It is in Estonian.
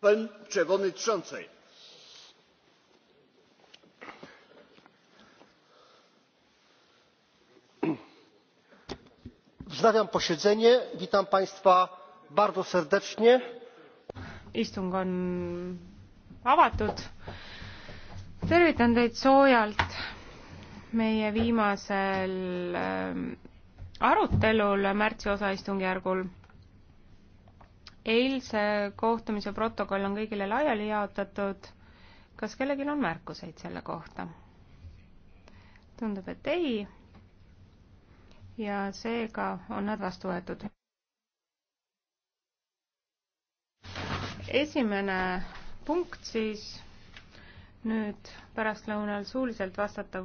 pani przewodniczącej! wznawiam posiedzenie. witam państwa bardzo serdecznie. istung on avatud tervitan teid soojalt meie viimasel ähm, arutelul märtsi osaistungjärgul. eilse kohtumise protokoll on kõigile laiali jaotatud. kas kellelgi on märkuseid selle kohta? tundub, et ei. ja seega on nad vastu võetud. esimene punkt siis nüüd pärastlõunal suuliselt vastata